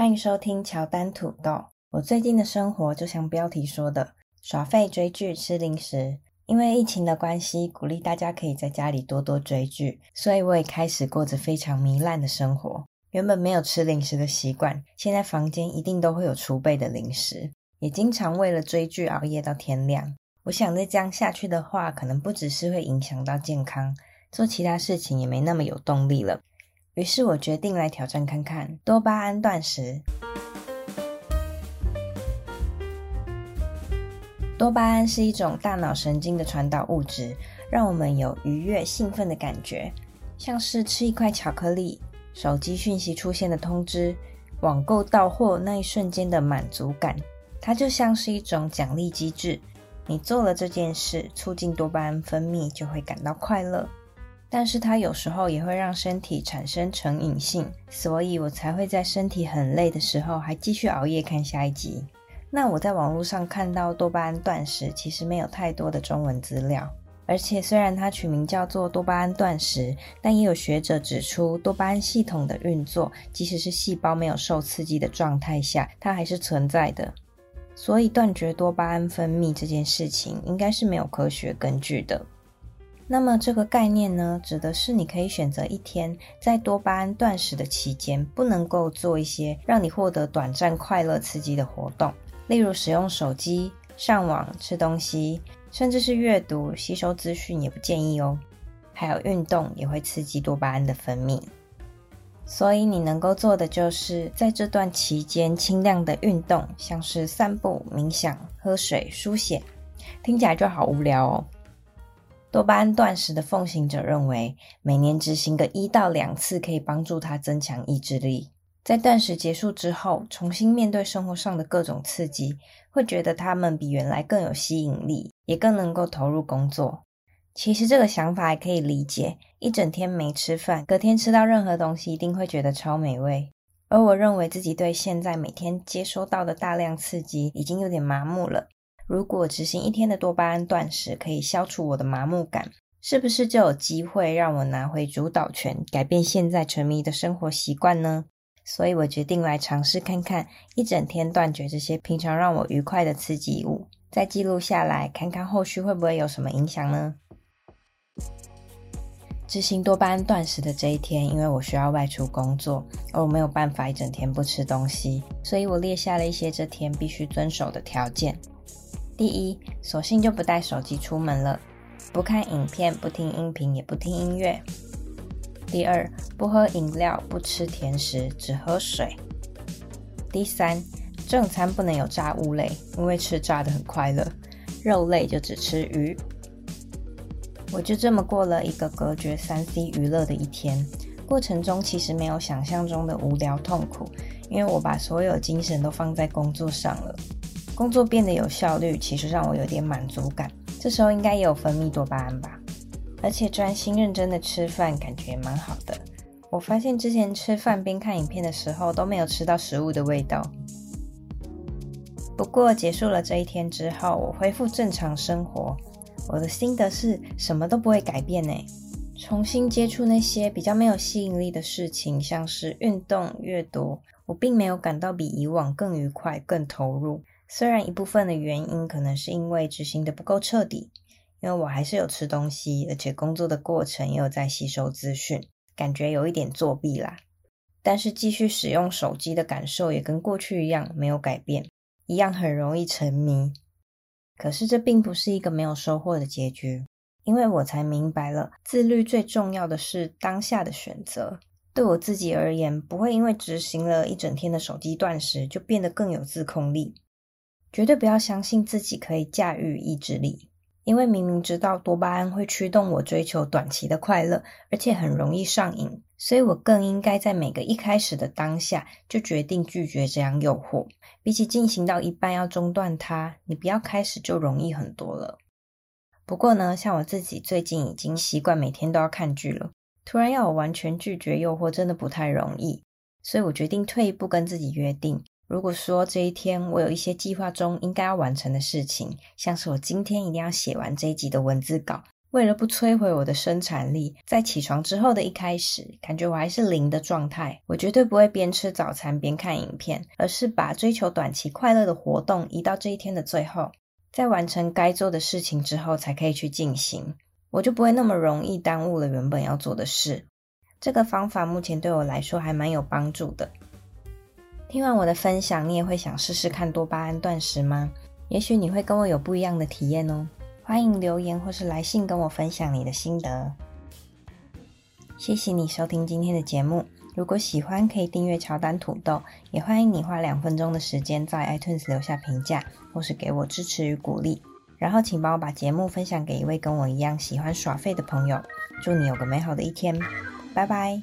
歡迎收聽喬丹土豆。我最近的生活就像標題說的，耍廢追劇吃零食。因為疫情的關係，鼓勵大家可以在家裡多多追劇，所以我也開始過着非常糜爛的生活。原本沒有吃零食的習慣，現在房間一定都會有儲備的零食，也經常為了追劇熬夜到天亮。我想，再這樣下去的話，可能不只是會影響到健康，做其他事情也沒那麼有動力了。於是我決定來挑戰看看多巴胺斷食。多巴胺是一種大腦神經的傳導物質，讓我們有愉悅、興奮的感覺，像是吃一塊巧克力、手機訊息出現的通知、網購到貨那一瞬間的滿足感。它就像是一種獎勵機制，你做了這件事，促進多巴胺分泌，就會感到快樂。但是它有時候也會讓身體產生成癮性，所以我才會在身體很累的時候還繼續熬夜看下一集。那我在網絡上看到多巴胺斷食，其實沒有太多的中文資料，而且雖然它取名叫做多巴胺斷食，但也有學者指出，多巴胺系統的運作，即使是細胞沒有受刺激的狀態下，它還是存在的。所以斷絕多巴胺分泌這件事情，應該是沒有科學根據的。那麼這個概念呢，指的是你可以選擇一天在多巴胺斷食的期間，不能夠做一些讓你獲得短暫快樂、刺激的活動，例如使用手機、上網、吃東西，甚至是閱讀、吸收資訊也不建議哦。還有運動也會刺激多巴胺的分泌，所以你能夠做的就是在這段期間輕量的運動，像是散步、冥想、喝水、書寫，聽起來就好無聊哦。多巴胺斷食的奉行者認為，每年執行個一到兩次，可以幫助他增強意志力。在斷食結束之後，重新面對生活上的各種刺激，會覺得他們比原來更有吸引力，也更能夠投入工作。其實這個想法也可以理解，一整天沒吃飯，隔天吃到任何東西，一定會覺得超美味。而我認為自己對現在每天接收到的大量刺激，已經有點麻木了。如果執行一天的多巴胺斷食可以消除我的麻木感，是不是就有機會讓我拿回主導權，改變現在沉迷的生活習慣呢？所以我決定來嘗試看看，一整天斷絕這些平常讓我愉快的刺激物，再記錄下來，看看後續會不會有什麼影響呢？執行多巴胺斷食的這一天，因為我需要外出工作，而我沒有辦法一整天不吃東西，所以我列下了一些這天必須遵守的條件。第一，索性就不帶手機出門了，不看影片，不聽音頻，也不聽音樂。第二，不喝飲料，不吃甜食，只喝水。第三，正餐不能有炸物類，因為吃炸的很快樂。肉類就只吃魚。我就這麼過了一個隔絕三 C 娛樂的一天，過程中其實沒有想象中的無聊痛苦，因為我把所有精神都放在工作上了。工作變得有效率，其實讓我有點滿足感。這時候應該也有分泌多巴胺吧？而且專心認真的吃飯，感覺蠻好的。我發現之前吃飯邊看影片的時候，都沒有吃到食物的味道。不過結束了這一天之後，我恢復正常生活。我的心得是什麼都不會改變誒、欸。重新接觸那些比較沒有吸引力的事情，像是運動、閱讀，我並沒有感到比以往更愉快、更投入。雖然一部分的原因可能是因為執行得不夠徹底，因為我還是有吃東西，而且工作的過程也有在吸收資訊，感覺有一點作弊啦。但是繼續使用手機的感受也跟過去一樣沒有改變，一樣很容易沉迷。可是這並不是一個沒有收穫的結局，因為我才明白了自律最重要的是當下的選擇。對我自己而言，不會因為執行了一整天的手機斷食就變得更有自控力。絕對不要相信自己可以駕馭意志力，因為明明知道多巴胺會驅動我追求短期的快樂，而且很容易上癮，所以我更應該在每個一開始的當下就決定拒絕這樣誘惑。比起進行到一半要中斷它，你不要開始就容易很多了。不過呢，像我自己最近已經習慣每天都要看劇了，突然要我完全拒絕誘惑真的不太容易，所以我決定退一步跟自己約定。如果說這一天我有一些計劃中應該要完成的事情，像是我今天一定要寫完這一集的文字稿，為了不摧毀我的生產力，在起床之後的一開始，感覺我還是零的狀態，我絕對不會邊吃早餐邊看影片，而是把追求短期快樂的活動移到這一天的最後，在完成該做的事情之後才可以去進行，我就不會那麼容易耽誤了原本要做的事。這個方法目前對我來說還蠻有幫助的。聽完我的分享，你也會想試試看多巴胺斷食嗎？也許你會跟我有不一樣的體驗哦。歡迎留言或是來信跟我分享你的心得。謝謝你收聽今天的節目，如果喜歡可以訂閱喬丹土豆，也歡迎你花兩分鐘的時間在 iTunes 留下評價，或是給我支持與鼓勵。然後請幫我把節目分享給一位跟我一樣喜歡耍廢的朋友。祝你有個美好的一天，拜拜。